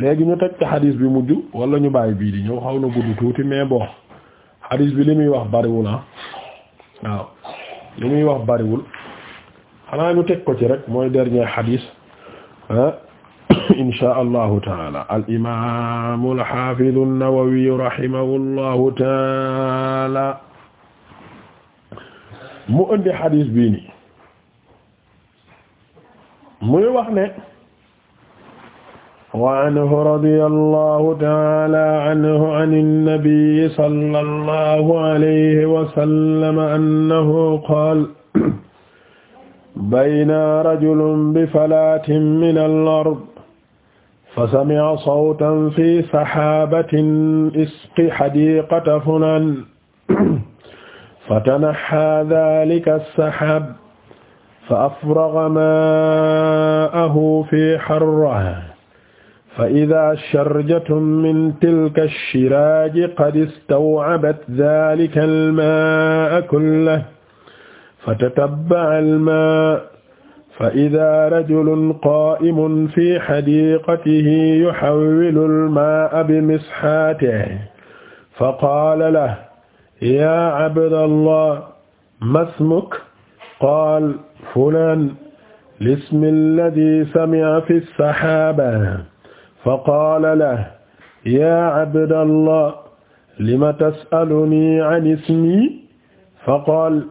léegi ñu teg ci xadis bi mujj wala ñu bàyyi bii di ñëw xaw na gudd tuuti mais bon xadis bi li muy wax bariwul ah waaw li muy wax bariwul xanaa ñu teg ko ci rek mooy dernier xadis ah insha allahu taala al imaamu al xaafidu an-Nawawi rahimahullahu taala mu indi xadis bii ni muy wax ne waanhu radi allahu taala aanhu an annabiyi sala allahu alayhi wasallama annahu qaal bayna rajulun bifalaatin min al-ard fasami'a sawtan fi sahaabatin isqi hadiiqata fulaan fatanahhaa dhaalika as-sahaab fa afragha maa'ahu fi harrihi فإذا شرجة من تلك الشراج قد استوعبت ذلك الماء كله فتتبع الماء فإذا رجل قائم في حديقته يحول الماء بمسحاته فقال له يا عبد الله ما اسمك قال فلان الاسم الذي سمع في السحابة faqaala lahu yaa abdallah lima tas'alunii an ismii faqaala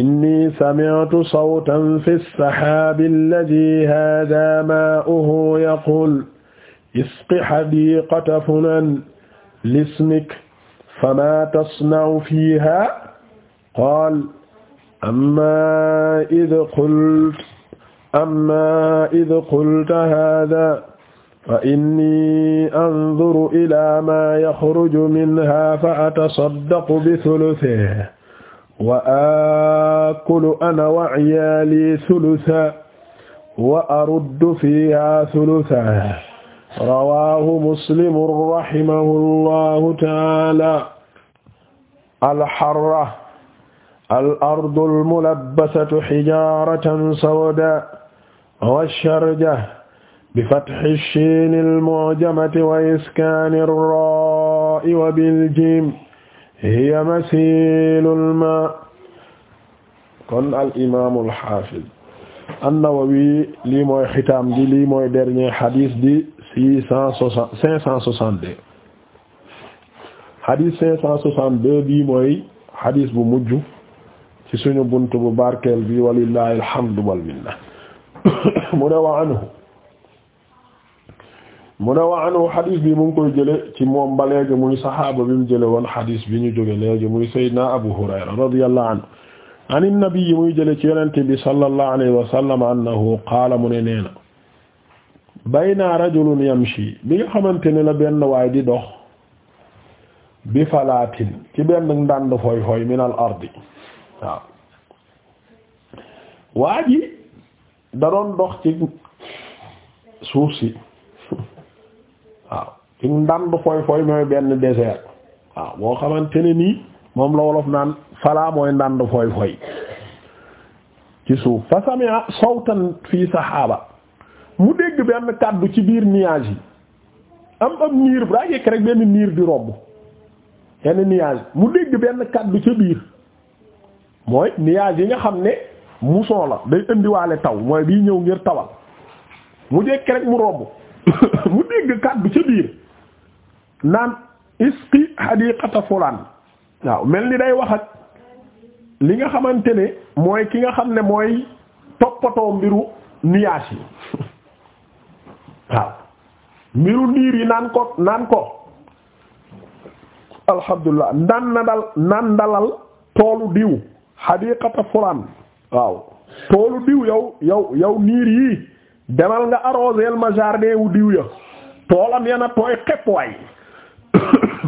innii sami'tu sawtan fi as-sahaabi alladhii haadhaa maa'uhu yaquulu isqi hadiiqata fulan lismik famaa tasna'u fiihaa qaala ammaa idh qulta ammaa idh qulta haadhaa fa inni anzuru ila ma yaxruju minha fa atasaddaqu bi thuluthihi wa akulu ana wa ciyali thuluthahu wa aruddu fiha thuluthahu rawahu muslimun rahimahullahu taala alxarra alardu almulabbasatu xijaratan sawda washarja bifatxi shiini almu'jamati wa iskaani rraa'i wa biljiim al imaamu alxaafid an-Nawawi lii mooy xitaam gi lii mooy dernier xadis di six cent soixante cinq cent soixante deux xadis cinq cent soixante deux bii mooy xadis bu mujj ci suñu bunt bu barkel bi walillahi alhamdu wal minna mu ne anhu mu ne wa anhu xadis bi mu ngi koy ci moom ba léegi muy saxaaba bi mu jële woon xadis bi ñu jóge léegi muy sayyidina Abu Hurayra radiyallahu anhu an nabi muy jële ci yonente bi sallallahu alayhi wa sallam annahu qaala mu ne nee na bayna rajulun yamshi bi nga xamante ne la benn waay di dox bi falaatin ci benn ndànd foy foy min al waa ji da dox ci suuf waaw ci ndand foy foy mooy benn désert waaw boo xamante ne nii moom la wolof naan falaa mooy ndand foy foy ci suuf fa sami'a sawtan fii saxaaba mu dégg benn kàddu ci biir nuage yi am am niir daa yëkk rek benn niir di robb benn nuage mu dégg benn kàddu ca biir mooy nuage yi nga xam ne musoo la day indiwaale taw mooy biy ñëw ngir tawal mu jekk rek mu robb mu dégg kàddu ca biir naan isqi hadiqata fulaan waaw mel ni day wax li nga xamante ne mooy ki nga xam ne mooy toppatoo mbiru nuage yi waaw mbiru niir yi naan ko naan ko alhamdulilah nan na dal nan dalal toolu diw hadiqata fulaan waaw toolu diw yow yow yow niir yi demal nga arroseel ma jardin wu diw ya toolam yana tooy xepp waay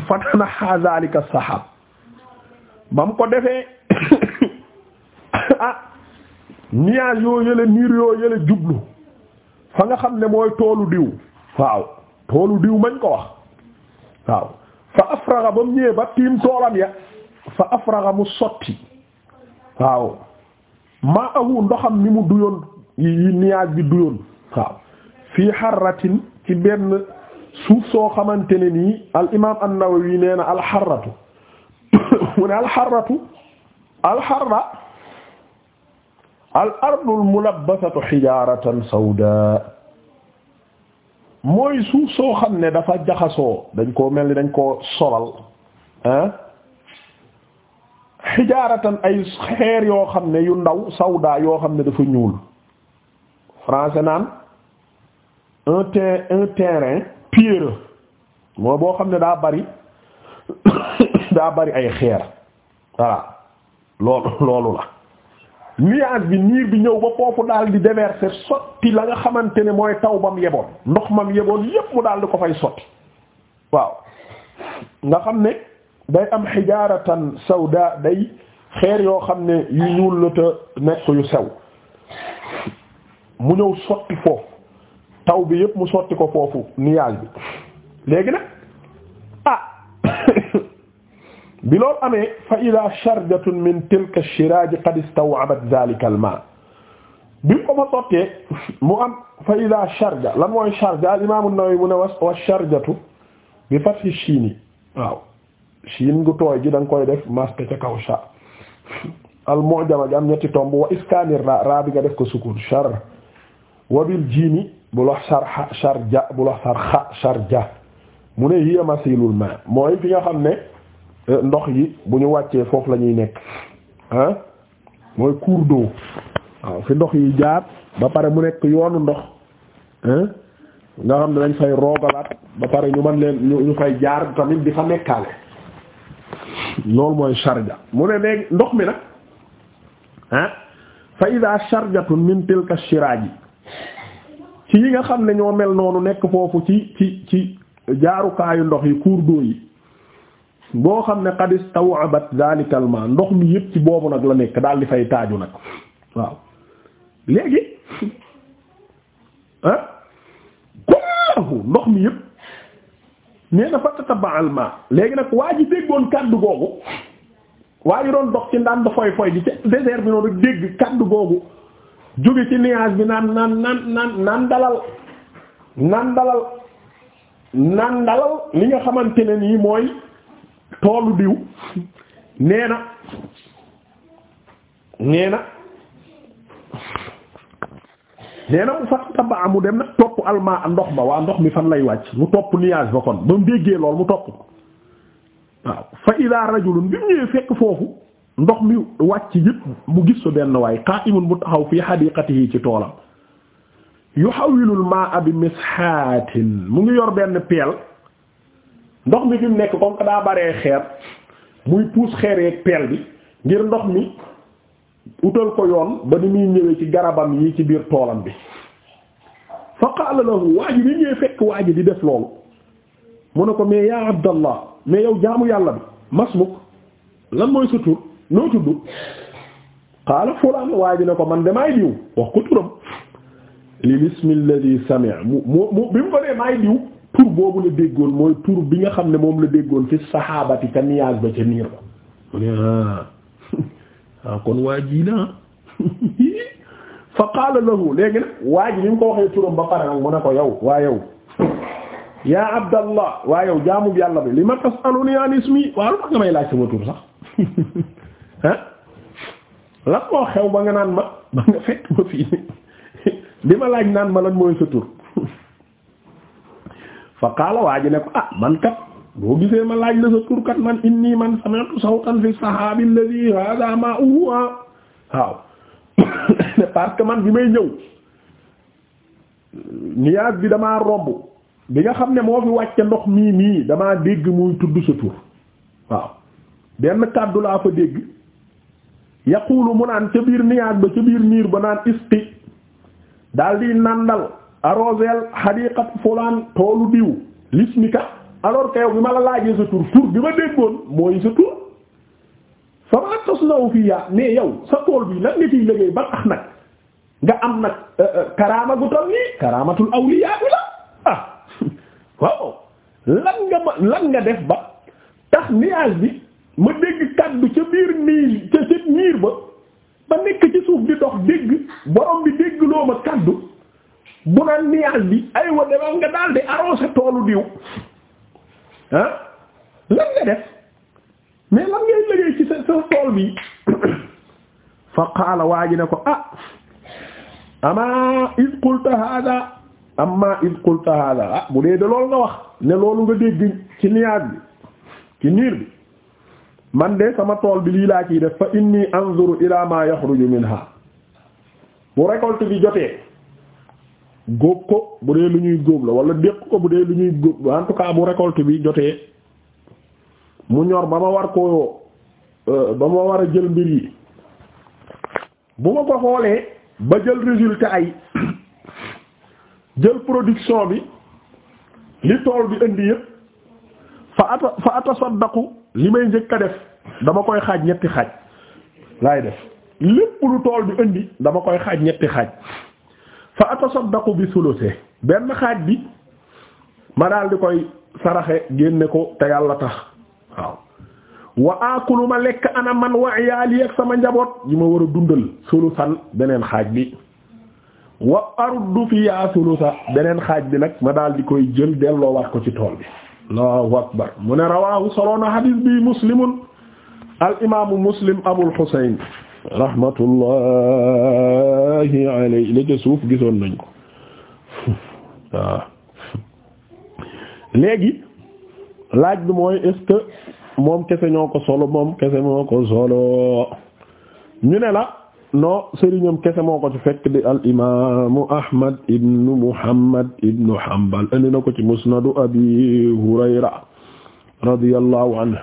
fatana hazalika sahab ba ko defee ah nuage yoo yële niir yoo yële jublu fa nga xam ne mooy toolu diw waaw toolu diw mañ ko wax waaw fa afraga ba mu ñëwee ba tiim toolam ya fa afraga mu sotti waaw maa ahu ndoxam ni mu duyoon yi nuage bi duyoon waaw fii xarratin ci benn suuf soo xamante ne nii al imaam an-Nawawi nee na alxarratu mu ne alxarratu alxarra al ardul mulabbasatu xijaaratan sawda mooy suuf soo xam ne dafa jaxasoo dañ koo mel ni dañ koo solal ah xijaaratan ay xeer yoo xam ne yu ndaw sawda yoo xam ne dafa ñuul français naan un terrain un terrain pierreux moo boo xam ne daa bari daa bari ay xeer voilà loolu la nuage bi niir bi ñëw ba foofu daal di déverser sotti la nga xamante ne mooy taw bam yeboon ndox mam yeboon yépp mu daal di ko fay sotti waaw nga xam ne day am xijaaratan sawda day xeer yoo xam ne yu ñuul la te nekk yu sew mu ñëw sotti foofu taw bi yëpp mu sotti ko foofu nuage bi léegi nag ah bi loolu amee fa ida sharjatun min tilka shiraji qad istaw'abat dhalika al ma bi mu fa sottee mu am fa ida sharja lan mooy sharja al imam an-Nawawi mu ne was wa sharjatu bi fathi shiini waaw shiin gu tooy ji da nga koy def maske ca kaw sha al mu'jama gi am ñetti tomb wa iskanir ra ra nga def ko sukun shar wabil jiimi bu la sar sharja bu la sar xa mu ne hiya ma mooy fi nga xam ne euh, ndox yi bu ñu wàccee foofu la ñuy nekk mooy cours d'eau waaw fi ndox yi jaar ba pare mu nekk yoonu ndox nga xam ne dañ fay roogalaat ba pare ñu mën leen ñu fay jaar tamit di fa nekkaale loolu mooy sharja mu ne léegi ndox mi nag ah fa ida sharjatun min tilka ci yi nga xam ne ñoo mel noonu nekk foofu ci ci ci jaarukaayu ndox yi cours d'eau yi boo xam ne qad istaw'abat dhalika ma ndox mi yëpp ci boobu nag la nekk daal di fay taaju nag waaw léegi ah kullahu ndox mi yëpp nee na fa tataba al-ma léegi nag waa ji déggoon kàddu googu waa ji doon dox ci ndaan foy foy di ca désert bi noonu dégg kàddu googu jóge ci nuage bi naan naan naan naan naan dalal naan dalal naan li nga xamante ne nii mooy toolu diw nee na nee na nee na mu fat taba mu dem nag topp alma ndox ma waa ndox mi fan lay wàcc mu topp nuage ba kon ba mu déggee lool mu topp waaw fa ila rajulun bi mu ñëwee fekk foofu ndox mi wàcc yëpp mu gis fa benn waay qa'imun mu taxaw fii yi ci toolam yuhawwilul ma'a bi mishaatin mu ngi yor benn peel ndox mi fi nekk comme que daa baree xeer muy puus xeeree peel bi ngir ndox mi utal ko yoon ba ni muy ñëwee ci garabam yi ci biir toolam bi fa qaala lahu waa ji bi ñëwee fekk waa ji di def loolu mu ne ko mais yaa abdallah mais yow jaamu yàlla bi masmuk lan mooy sa noo tudd qaala fulaan waa ji ne ko man damaay diw wax ko turam li bismi alladhi sami'a mu mu bi mu ko dee maay diw tur boobu la déggoon mooy tur bi nga xam ne moom la déggoon fi saxaabati ca niyaas ba ca niir ba mu ne ah, ah kon waa ji la fa qaala lahu léegi nag waa ji ni mu ko waxee turam ba pare nag mu ne ko yow waa yow yaa abdallah waa yow jaamu yàlla bi li ma tasaluni an ismi waaw lu tax nga may laaj sama tur sax ah lan moo xew ba nga naan ma ba nga fekk ma fii li ma laaj naan ma lan mooy sa tur fa qaala ji ne ko ah man kat boo gisee ma laaj la sa tur kat man inni man sami'tu sawtan fi sahabi alladhi hada waaw parce man bi may ñëw niyaas bi damaa romb bi nga xam ne moo fi wàcce ndox mii mii damaa dégg muy tudd sa tur waaw benn kàddu laa fa dégg yaqulu mu naan ca biir niyaat ba ca biir niir ba naan isqi daal di nandal arrosel hadiqat fulaan toolu diw lismika alors que yow bi ma la laajee tur tur bi ma déggoon mooy sa tur fama tasna'u fiha mais yow sa tool bi lan nga ciy liggéey ba tax nag nga am nag euh, euh, karaama gu toll nii karaamatul awliya la ah lan nga def ba tax niyaat bi ma dégg kaddu ca biir niir ca ca niir ba ba nekk ci suuf di dox dégg borom bi dégg loo ma kaddu bu naan niyaal bi aywa demal nga daal di arrosé toolu diw ah lan nga mais lan ngay liggéey ci sa tool bi fa qaala waa ji ne ko ah ama id qulta hada amma id qulta hada ah bu dee de loolu nga wax ne loolu nga dégg ci niyaal bi ci niir bi man de sama tool bi lii laa ciy def fa inni anzuru ila ma yaxruju minha bu récolte bi jotee góob ko bu dee lu ñuy góob la wala déq ko bu dee lu ñuy góob en tout bu récolte bi jotee mu ñor ba ma war koo euh, ba ma war a jël mbir yi bu ma ko xoolee ba jël résultat yi jël production bi li tool bi indi yëpp fa ata fa atasaddaqu li may njëkk a def dama koy xaaj ñetti xaaj laay def lépp lu tool bi indi dama koy xaaj ñetti xaaj fa atasaddaqu bi sulusé benn xaaj bi ma daal di koy saraxe génne ko te yàlla tax waaw wa aakulu ma lekk ana man wa iyaali ak sama njaboot yi ma war a dundal sulusan beneen xaaj bi wa aruddu fiyaa sulusa beneen xaaj bi nag ma daal di koy jël delloo waat ko ci tool bi Allahu akbar mu ne rawaahu soloona hadis bi muslimun al imaamu muslim Abul Husayn rahmatullahi alayhi la ca suuf gisoon laaj bi mooy est que moom kese ñoo ko solo moom kese ñoo ko solo ñu ne la non sëriñam kese moo ko ci fekk di al imaamu Ahmad ibnu Muhammad ibnu Hanbal indi na ko ci musnadu Abi Hurayra radiyallahu anhu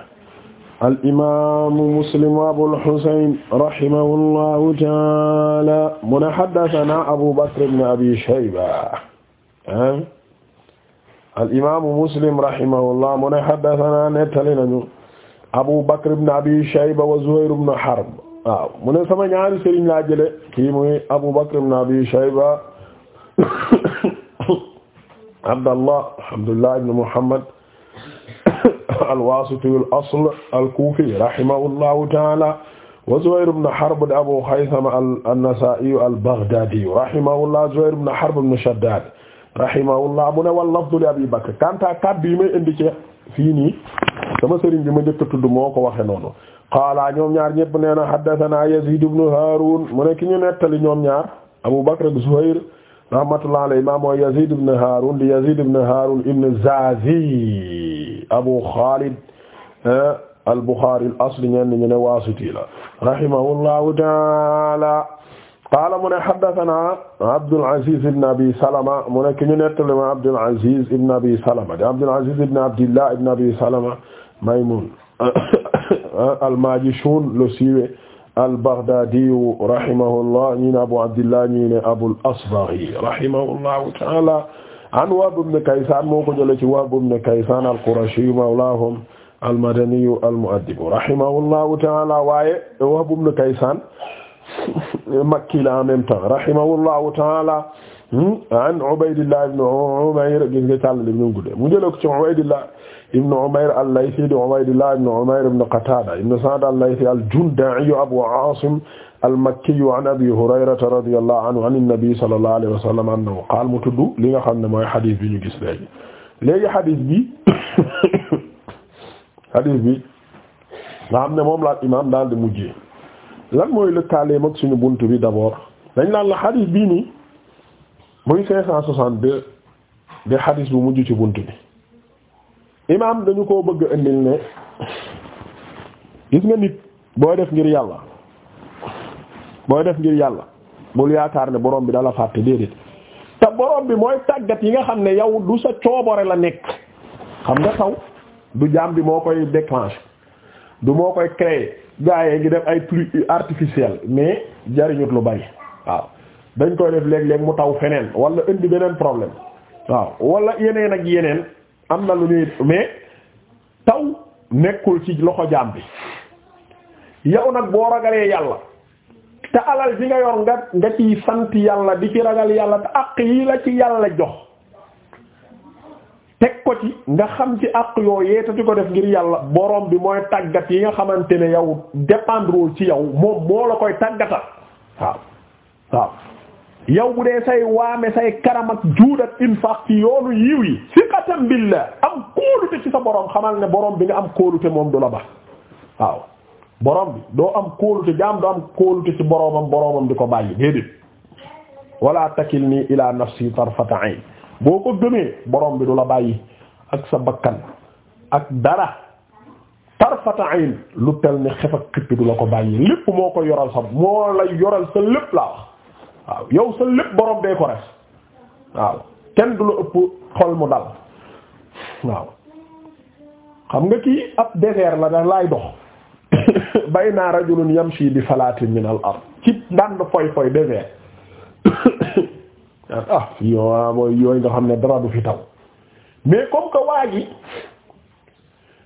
al imaamu Muslim Abul Husayn rahimahullahu ta'ala mu ne haddathana Abu Bakr ibn Abi Shayba al imaamu Muslim rahimahullah mu ne haddathana nettali nañu Abu Bakr ibn Abi Shayba wa Zuhayr ibn Harb waaw mu ne sama ñaari sëriñ laa jële kii muy Abu Bakr ibn Abi Shayba Abdallah Abdullah ibn Muhammad al-Wasiti al-asl al-Kufi rahimahullahu ta'ala wa Zuhayr ibn Harb Abu Khaythama an-Nasa'i al-Baghdadi rahimahullah Zuhayr ibn Harb ibn Shaddad rahimahullah mu ne wal lafdu li Abi Bakr kanta kaddu yi may indi ci fii nii sama sëriñ bi ma njëkk a tudd moo ko waxe noonu qaala ñoom ñaar ñëpp nee na haddathana Yazid ibn Harun mu ne ki ñu nettali ñoom ñaar Abu Bakr ak Zuhayr rahmatullahi alayhi ma mooy Yazid ibn Harun di Yazid ibn Harun ibn Zazi Abu Khalid eh, al-Bukhari al-asli ñenn ñu ne waasiti la rahimahullahu ta'ala qaala mu ne haddathana Abdul Aziz ibn Abi Salama mu ne ki ñu nettali ma Abdul Aziz ibn Abi Salama di Abdul Aziz ibn Abdillah ibn Abi Salama Maymun Ah, al-Majishun le siiwe al-Baghdadi rahimahullah ñi ne Abu Abdillah ñi ne Abul Asbaghi rahimahullahu ta'ala an Wahb ibn Kaysan moo ko jëlee ci Wahb ibn Kaysan al-Qurashi mawlahum al-Madani al-Mu'addib rahimahullahu ta'ala waaye Wahb ibn Kaysan Makki la en même temps rahimahullahu ta'ala hmm? an Ubaydillah ibn Umayr gis nga tàll li ñu guddee mu jëlee ko ci Ubaydillah ibn Umayr al-Laythi di Ubaydillah ibn Umayr ibn Qatada ibn Sa'd al-Laythi al-Junda'i Abu Asim al-Makki an Abi Hurayrata radiyallahu an an-nabi sallallahu alayhi wa sallam annahu qaala mu tudd li nga xam ne mooy xadis bi ñu gis léegi léegi xadis bi xadis bi nga xam ne moom la imaam daal di mujjee lan mooy lëkkaaleem ak suñu bunt bi d'abord dañ naan la xadis bii nii muy mujj ci bunt bi imaam dañu ko bëgg a indil ne gis nga nit booy def ngir yàlla booy def ngir yàlla bul yaakaar ne borom bi dala fàtte déedéet te borom bi mooy tàggat yi nga xam ne yow du sa coobare la nekk xam nga taw du jaam bi moo koy déclencher du moo koy créer gaa gi ngi def ay pluie artificielle mais jariñut lu bari waaw dañ koy def léeg-léeg mu taw feneen wala indi beneen problème waaw wala yeneen ak yeneen. am na lu ñuy mais taw nekkul ci loxo jaam bi yow nag boo ragalee yàlla te alal bi nga yor nga nga ciy sant yàlla di ci ragal yàlla te àq yi la ci yàlla jox teg ko ci nga xam ci àq yooyee te di ko def ngir yàlla borom bi mooy tàggat yi nga xamante ne yow dépendre ci yow moom moo la koy tàggatal waaw waaw yow bu dee say waame say karam ak juud ak infaq ci yoonu yiw yi siqatan billah am kóolute ci sa borom xamal ne boroom bi nga am kóolute moom du la ba waaw borom bi doo am kóolute jaam doo am kóolute ci boromam boromam di ko bàyyi déedéet wala ni ila nafsi tarfata ayn boo ko gëmee boroom bi du la bàyyi ak sa bakkan ak dara tarfata ayn lu tel ne xef ak du la ko bàyyi lépp moo ko yoral sa moo la yoral sa lépp laa waaw yow sa lépp borom bee ko res waaw kenn du la ëpp xol mu dal waaw xam nga kii ab désert la da lay dox bayna rajulun yamshi bi falatin min al ard ci ndànd foy foy désert ah fii yo ah, mooy yooyu nga xam ne dara du fi taw mais comme que waa ji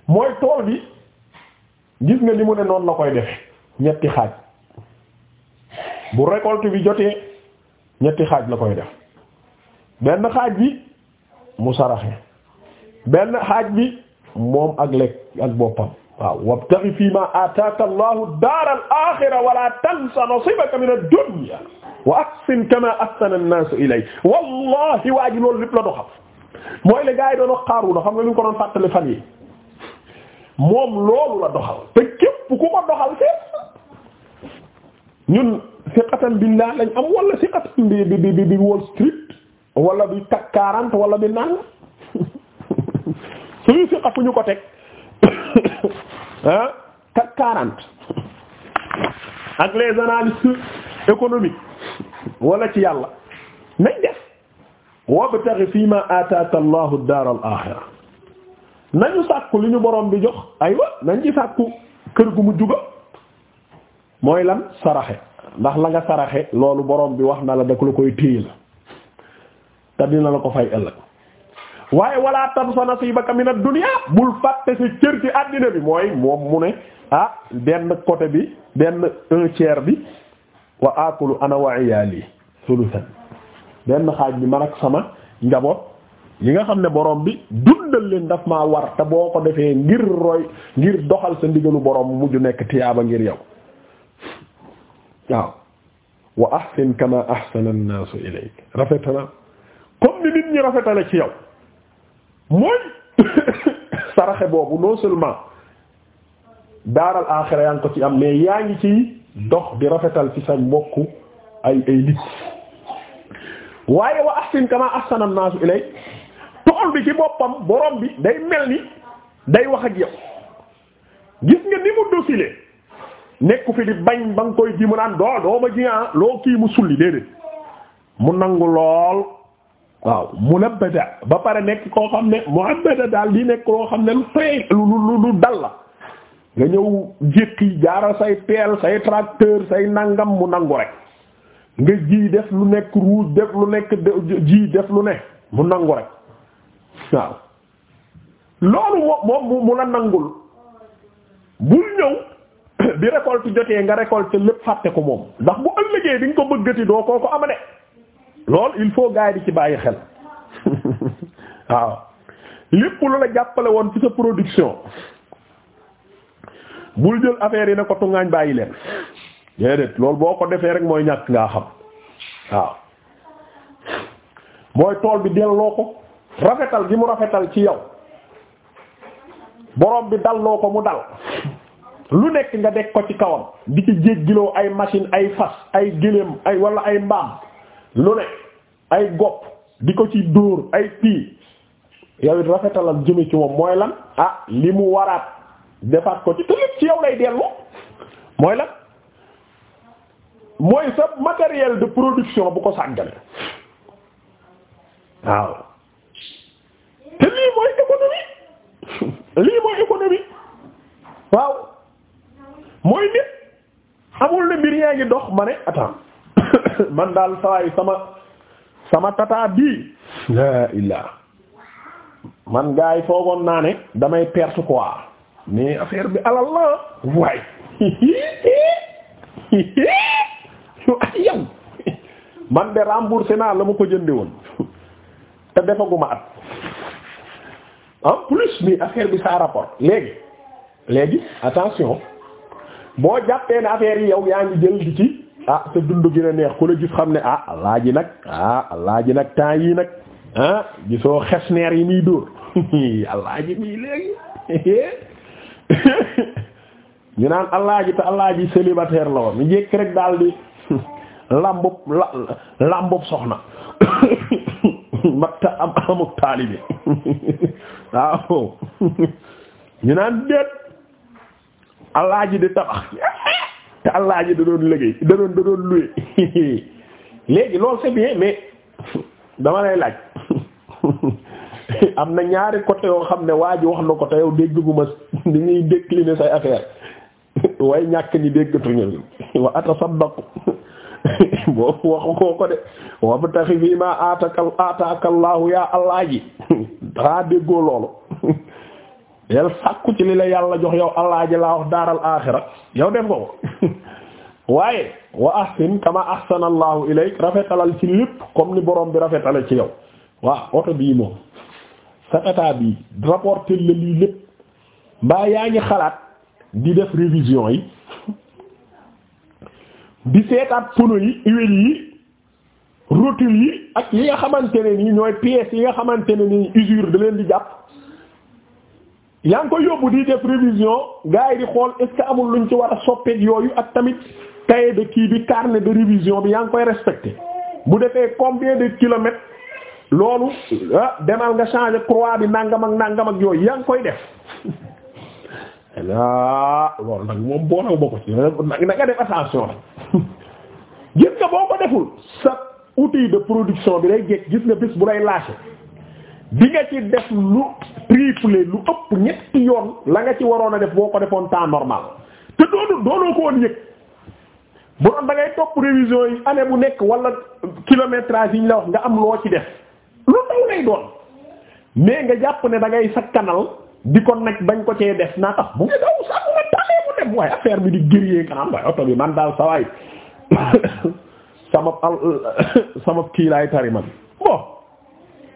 mooy tool bi gis nga li mu ne noonu la koy defe ñetti xaaj bu récolte bi jotee ñetti xaaj la koy def benn xaaj bi mu saraxe benn xaaj bi moom ak lekk ak boppam waaw wabtaghi fiima aataaka allahu daaral aaxira wala tansa nasiibaka wa wallahi waa ji loolu lépp la doxal mooy le gars yi doon wax xam nga lu ñu moom loolu la doxal te képp ku ko doxal fii ñun. siqatan billah lañ am wala siqatan bi bi bi bi Wall Street wala bi CAC 40 wala bi nan suñu siqa fu ñu ko teg ah CAC 40 ak les analystes wala ci yàlla nañ def wabtaghi fiima ataaka Allahu ad-daar al-aaxira nañu sàkku li ñu borom bi jox aywa nañ ci sàkku kër gu mu juga mooy lan saraxe ndax la nga saraxe loolu boroom bi wax na la da ko la koy téye la te dina la ko fay ëllëg waaye wala tansa nasibaka min ad-dunya bul fàtte sa cër ci àddina bi mooy moom mu ne ah benn côté bi benn un bi wa akulu ana wa iyali sulusan benn xaaj bi man ak sama njaboot yi nga xam ne boroom bi dundal leen daf maa war te boo ko defee ngir roy ngir doxal sa ndigalu borom mujj nekk tiyaaba ngir yow waaw wa ahsin kama ahsana an-naas ilayk comme ni nit ñi rafetale ci yow mooy saraxe boobu non seulement daaral aaxira yaa ngi ko ci am mais yaa ngi ci dox di rafetal ci sa mbokk ay ay nit waaye wa ahsin kama ahsana an-naas ilayk bi ci boppam borom bi day mel ni day wax ak yow gis nga ni mu dofile nekku fi di bañ ba nga koy ji mu naan doo doo ma ji ah, loo kii mu sulli déedéet mu nangu lool waaw mu na bada ba pare nekk koo xam ne mu abada daal li nekk koo xam ne lu tey lu lu dal la nga ñëw jékki jaara say peel say tracteur say nangam mu nangu rek nga ji def lu nekk ruuj def lu nekk def lu ne mu nangu rek waaw loolu moom mu la nangul bul ñëw bi récolte jotee nga récolte lépp fàtte ko moom ndax mu ëllëgee di nga ko bëggati doo koo ko amane loolu il faut gars di ci bàyyi xel waaw lépp lu la jàppale woon ci sa production bul jël affaire yi ne ko tungaañ bàyyi leen déedéet loolu boo ko defee rek mooy ñàkk ngaa xam waaw mooy tool bi delloo ko rafetal gi mu rafetal ci yow borom bi dalloo ko mu dal lu nekk nga deg ko ci kawam di ci jéggiloo ay machine ay fas ay gëléem ay wala ay mbaam lu ne ay gopp di ko ci dóor ay pii yow it rafetalal jëme ci moom mooy lan ah li mu waraat defaat ko ci te ci yow lay dellu mooy lan mooy sa matériel de production bu ko sàggale waaw te lii mooy économie lii mooy économie waaw mooy nit amul ne mbir yaa ngi dox ma ne attends man daal sawaay sama sama tataa bi la illah man gars yi foogoon naa ne damay perte quoi mais affaire bi alal la waaye man de remboursé naa la ma ko jënde woon te defaguma at en plus mais affaire bi ça rapport léegi léegi attention boo jàppee ne affaire yi yow yaa ngi jël di ci ah sa dund gi na neex ku la gis xam ne ah allah ji nag ah allah ji nag temps yii nag ah gisoo xesneer yi muy dóor allah ji muy léegi ñu naan allah ji te allah ji célibataire la woon ñu jekk rek daal di lambub la lambub soxna matta am amuk taalibe waaw ñu naan déet alaaji di tabax te alaaji da doon liggéey da doon da léegi loolu c'est mais dama lay laaj am na ñaari côté yoo xam ne waa ji wax na ko te yow dégguma ni ñuy décliner say affaire way ñàkk ni déggatuñu wa atasaddaqu boo waxu koo ko de wabtaxi fii ma atakal ataakallahu yaa alaaji daa déggoo loolu yel sàkku ci li la yàlla jox yow allah ji laa wax daaral aaxira yow def nga ko waaye wa ahsin kama ahsana ilayk rafetalal ci lépp comme ni borom bi rafetale ci yow waa oto bii moom sa état bi rapporter la lii lépp mbaa yaa ngi xalaat di def révision yi di seetaat pneu yi huile yi rotule yi ak yi nga xamante ne nii ñooy pièces yi nga xamante ne nii usure da leen di jàpp yaa ngi koy yóbbu di def révision gars yi di xool est ce que amul luñ ci war a soppeek yooyu ak tamit cahier de kii bi carnet de révision bi yaa ngi koy respecté bu defee combien de kilomètres loolu ah demal nga changer croix bi nangam ak nangam ak yooyu yaa ngi koy def ah loolu nag moom boo naw bokk ci na nga def attention rek gis nga boo ko deful sa outil de production bi day jekk bu lay lâcher bi nga ci def lu triplé lu ëpp ñetti yoon la nga ci waroon a def boo ko defoon temps normal te doonu doonoo ko woon yëg bu doon da ngay topp révision yi année bu nekk wala kilométrage yi ñu la wax nga am loo ci def lu taw lay doon mais nga jàpp ne da ngay sakkanal di ko nag bañ ko cee def naa tax bu nga daw sax bu dem waaye affaire bi di gërëyee kanam waaye oto bi man daal sa waay sama kii laay tari man bon.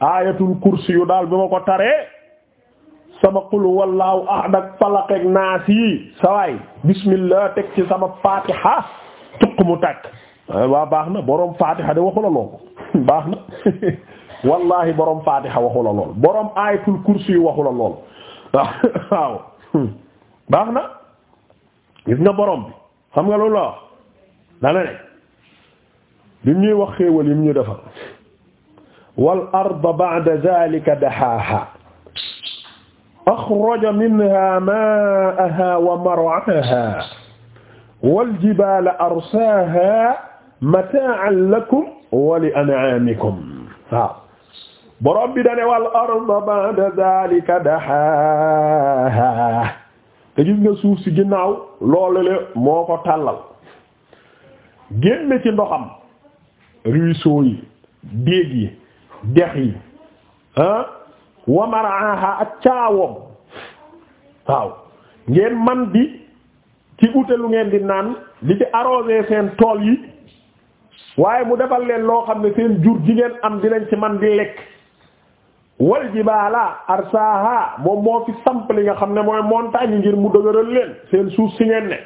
aayatul kursi yu daal bi ma ko taree sama qul wallahu ahad ak falaq ak naas yi sawaay bismillah teg ci sama fatiha tukk mu tàkk eh, waa baax na borom fatiha de waxula lool baax na wallahi borom fatiha waxula lool borom aayatul kursi yu waxula lool waaw baax na gis nga borom bi xam nga loolu la dana ne li ñuy wax xéewal yi mu ñu defal wal arda ba'da zaalika dahaahaa axraja minhaa maa'ahaa wa mar'ahaa wal jibaala arsaahaa mataa'an lakum wa li an'aamikum waaw borom bi si ginnaaw loolu le moo ko tàllal génn ci ndoxam ruisseaux yi dex yi ah wamaraaha ak caawoom waaw ngeen man di ci ute lu ngeen di naan di ci arroser seen tool yi waaye mu defal leen loo xam ne seen jur ji ngeen am dinañ ci man di lekk wal jibaala arsaaha moom moo fi samp li nga xam ne mooy yi ngir mu dëgëral leen seen suuf si ngeen ne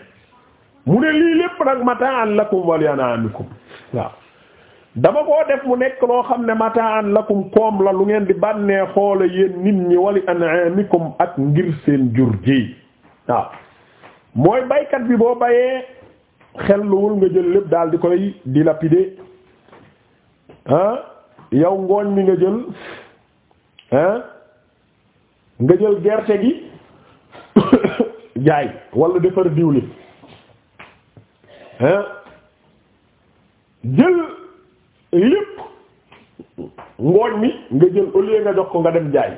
mu ne lii lépp nag mataan lakum wal yanaamikum waaw dama koo def mu nekk loo xam ne mataan lakum koom la lu ngeen di bànnee xoole yéen nit ñi wali an'amikum ak ngir seen jur ji waaw mooy baykat bi boo bayee xel luwul nga jël lépp daal di koy dilapider ah yow ngooñ mi nga jël nga jël gerte gi jaay wala defar diwlin ah lépp ngooñ mi nga jël au lieu nga jox ko nga dem jaay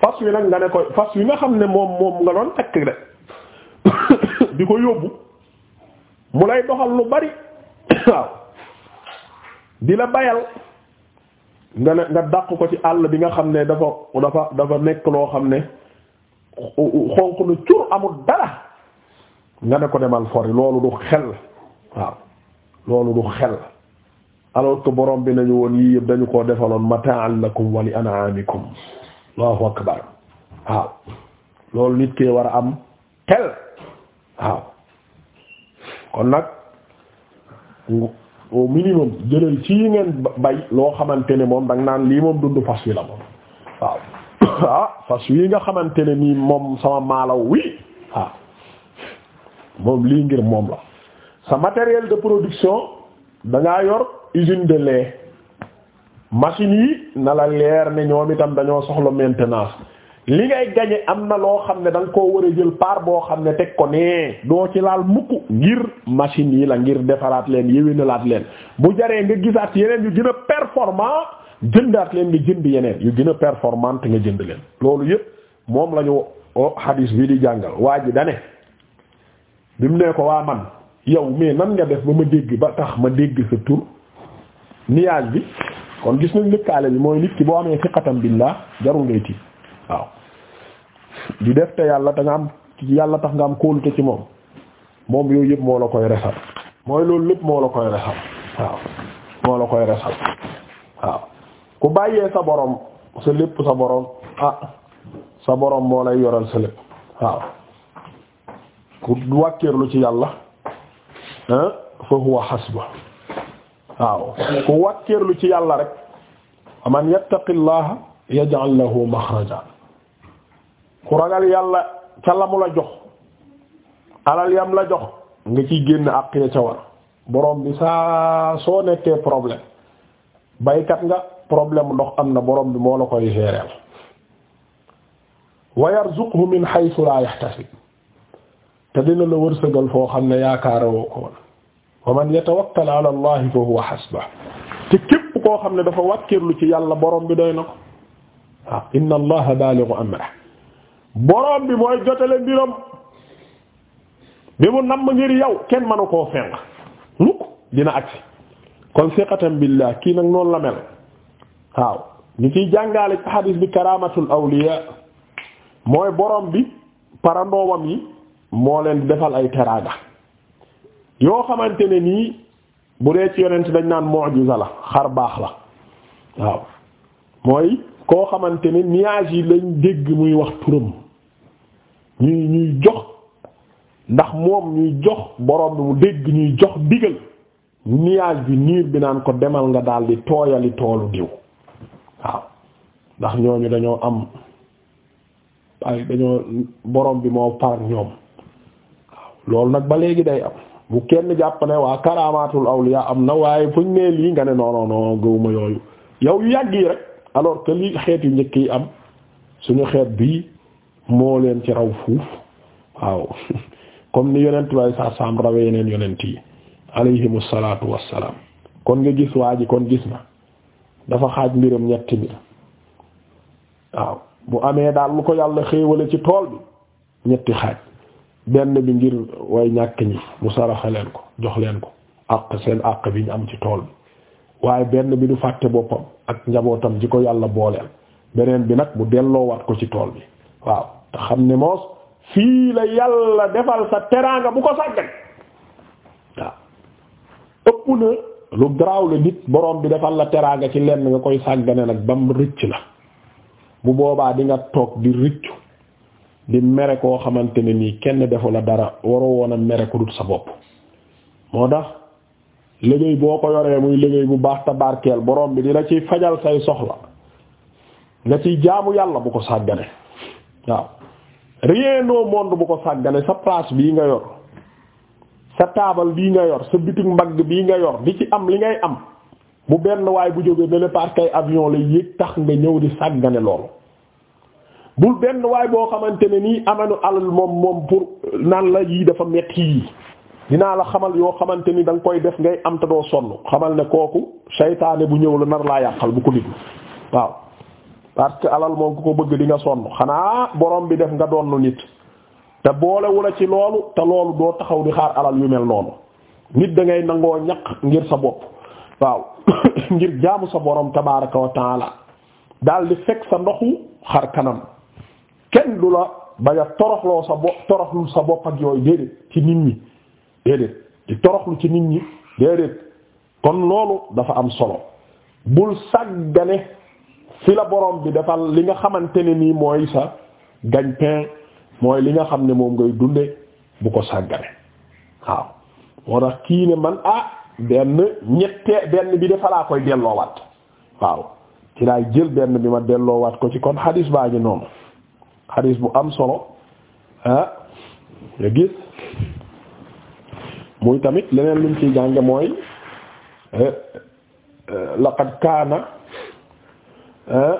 fas wi nag nga ne koy fas wi nga xam ne moom moom nga doon takk rek di ko yóbbu mu lay doxal lu bari waaw di la bayal nga ne nga dàq ko ci àll bi nga xam ne dafa dafa dafa nekk loo xam ne xonq nu cur amul dara nga ne ko demal fori loolu du xel waaw loolu du xel alors boroom bi nañu woon yii yëpp dañu koo defaloon mata'an lakum wa li an'amikum allahu akbar waaw loolu nit kee war a am tel waaw kon nag au minimum jëlal ci yi ngeen bay loo xamante ne moom danga naan lii moom dund fas wi la moom waaw ah fas wi nga xamante ne nii moom sama maalaw wi waaw ah. moom lii ngir moom la sa matériel de production dangaa yor usine de lait machines yi na la leer ne ñoom itam dañoo soxla maintenance li ngay gañe am na loo xam ne da ko koo war a jël part boo xam ne teg ko nee doo ci laal mukk ngir machines yi la ngir defaraat leen yéwénalaat leen bu jaree nga gisaat yeneen yu gën a performant jëndaat leen nga jënd yeneen yu gën a performant nga jënd leen loolu yëpp moom la ñu oh, hadis bi di jàngal waa ji dane bi mu ne ko waa man yow mais nan nga def ba ma dégg ba tax ma dégg niyaas bi kon gis nañ lëkkaale bi mooy nit ki boo amee fiqatam billah jarul ngay tiit waaw di def te yàlla da nga am yàlla tax nga am kóolute ci moom moom yooyu yëpp moo la koy resal mooy loolu lépp moo la koy resal waaw moo la koy resal waaw ku bàyyee sa borom sa lépp sa borom ah sa borom moo lay yoral sa lépp waaw ku wàkkeerlu ci yàlla ah, fa huwa hasba waaw ku wàkkeerlu ci yàlla rek man yattaqillaha yaj'al lahu makhraja ku ragal yàlla ca lamu la jox alal yam la jox nga ciy génn àq ya ca war borom bi saa soo nekkee problème baykat nga problème ndox am na borom bi moo la koy gérer wa yarzuqhu min haythu la yahtasib te dina la wërsëgal foo xam ne yaakaarewoo ko woon wa man yatawakkal fa huwa hasbah te képp koo xam ne dafa wàkkirlu ci yàlla borom bi doy na ko waaw ah, inna allaha balighu amrah borom bi mooy jotale mbiram bi mu namm ngir yow kenn mënu koo fenq mukk dina agsi kon siqatan billah kii nag noonu la mel waaw ñu ciy jàngaale ci hadis karamatul awliya mooy borom bi parandoowam yi moo leen defal ay teraanga yoo xamante ne nii bu dee ci yonent dañ naan mu'jiza la xar baax la waaw mooy koo xamante ne nuages yi lañ dégg muy wax turam ñuy ñuy jox ndax moom ñuy jox boroom bi mu dégg ñuy jox digal nuage bi niir bi naan ko demal nga daal di tooyali toolu diw waaw ndax ñooñu dañoo am ay dañoo boroom bi moo par ñoom waaw loolu nag ba léegi day am bu kenn jàpp ne waa karamatul awliya am na waaye fuñ ne lii nga ne non non non gëwuma yooyu yow yàgg yi rek alors que li xeet yu njëkk yi am suñu xeet bii moo leen ci raw fuuf waaw comme ni yonent way sa saam rawee neen yonent yi alayhimu salaatu wassalaam kon nga gis waa ji kon gis na dafa xaaj mbiram ñetti mbir waaw bu amee daal lu ko yàlla xéewale ci tool bi ñetti xaaj benn bi ngir way ñàkk ñi mu saraxa leen ko jox leen ko àq seen àq biñ am ci tool bi waaye benn bi du fàtte boppam ak njabootam ci ko yàlla booleel beneen bi nag mu wat ko ci tool bi waaw xam ne moos fii la yàlla defal sa teraanga bu ko sàggan waaw ëpp na lu garaaw la nit borom bi defal la teraanga ci lenn nga koy sàggane nag bam ricc la mu boobaa di toog di rëccu di mere koo xamante ne nii kenn defu la dara waroo woon a mere ku sa bopp moo tax liggéey boo ko yoree muy liggéey bu baax tabarkeel borom bi di la ciy fajal say soxla nga ciy jaamu yàlla bu ko sàggane waaw rien au monde bu ko sàggane sa place bii nga yor sa taabal bii nga yor sa bitig mbagg bii nga yor di ci am li ngay am bu benn waay bu jógee ne le par avion la yéeg tax nga ñëw di sàggane loolu bul benn waay boo xamante ne nii amanu alal moom moom pour naan la yii dafa metti yi dinaa la xamal yoo xamante ni danga koy def ngay am te doo sonn xamal ne kooku seytaane bu ñëw la nar laa yàqal bu ko nit waaw parce que alal moom ku ko bëgg di nga sonn xanaa borom bi def nga doon nit te boolewula ci loolu te loolu doo taxaw di xaar alal yu mel noonu nit da ngay nangoo ñaq ngir sa bopp waaw ngir jaamu sa borom tabaaraka wa la daal di fekk sa ndoxu xar kenn du la bañ a toroxloo sa bopp toroxlu sa bopp yooyu déedéet ci nit ñi déedéet di toroxlu ci nit ñi déedéet kon loolu dafa am solo bul sàggane fi la borom bi defal li nga xamante ne nii mooy sa gagne-pain mooy li nga xam ne moom ngay dunde bu ko sàggane waaw moo tax kii ne man ah benn ñette benn bi dafa laa koy delloowaat waaw ci laay jël benn bi ma delloo delloowaat ko ci kon xadiis baa ngi noonu xadis bu am solo ah nga gis muy tamit leneen luñ ci jànge mooy la eh, eh, laqad kaana eh,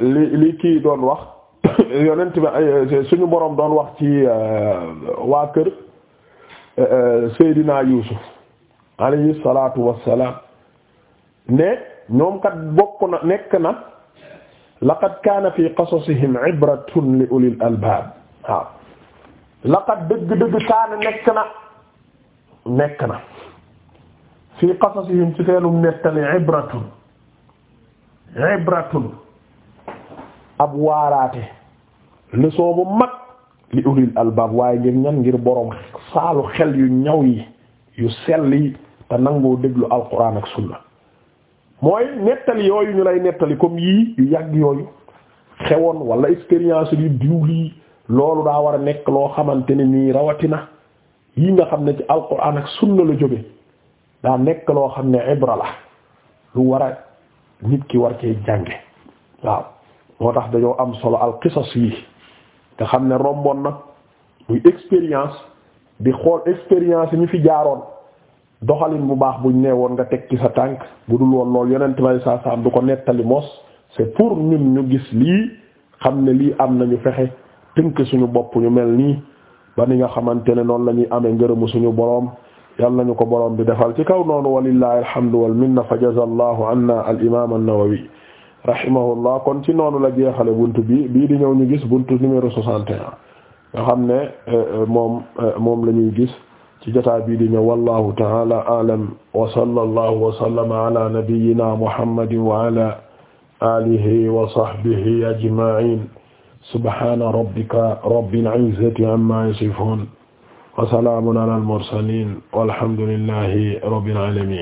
li li kii doon wax yonent bi suñu boroom doon wax ci waa kër Seydina Yuusuf alayhi salaatu wassalaam ne ñoom kat bokk na nekk na laqad kaana fi qasasihim ibratun li ulil albaab waaw laqad dëgg-dëgg kaana nekk na nekk na fi qasasihim ci seenum nettali ibratun ibratun ab waaraate leçon bu mag li ulil albaab waaye ngir ñan ngir boroom saalu xel yu ñaw yi yu sell yi te nangoo déglu alquran ak sunna mooy nettali yooyu ñu lay nettali comme yii yu yàgg yooyu xewoon wala expérience yu diw lii loolu daa war a nekk loo xamante ne nii rawatina yii nga xam ne ci alquran ak sunna la jóge daa nekk loo xam ne ibra la lu war a nit ki war cee jànge waaw moo tax dañoo am solo al qisas nga xam ne romboon na muy expérience di xool expérience ñu fi jaaroon doxalin bu baax buñ nee woon nga teg ci sa tànk bu dul woon lool yonent bay saa saam du ko nettali mos c'est pour ñun ñu gis lii xam ne lii am nañu fexe tënk suñu bopp ñu mel nii ba ni nga xamante ne noonu la ñuy amee ngërëmu suñu boroom yal nañu ko boroom bi defal ci kaw noonu walillahi alhamdu wal minna fa jazallahu anna al imam an-Nawawi rahimahullah kon ci noonu la jeexale bunt bi bii di ñëw ñu gis buntu numéro 61 nga xam ne euh, euh, moom euh, moom la ñuy gis ci jotaay bii di ñëw wallahu ta'ala a'lam wa sallallahu wa sallama ala nabiyyina muhammadin wa ala alihi wa sahbihi ajma'in subhana rabbika rabbil izzati amma yasifun wa salamun ala al mursalin walhamdulillahi rabbil alamin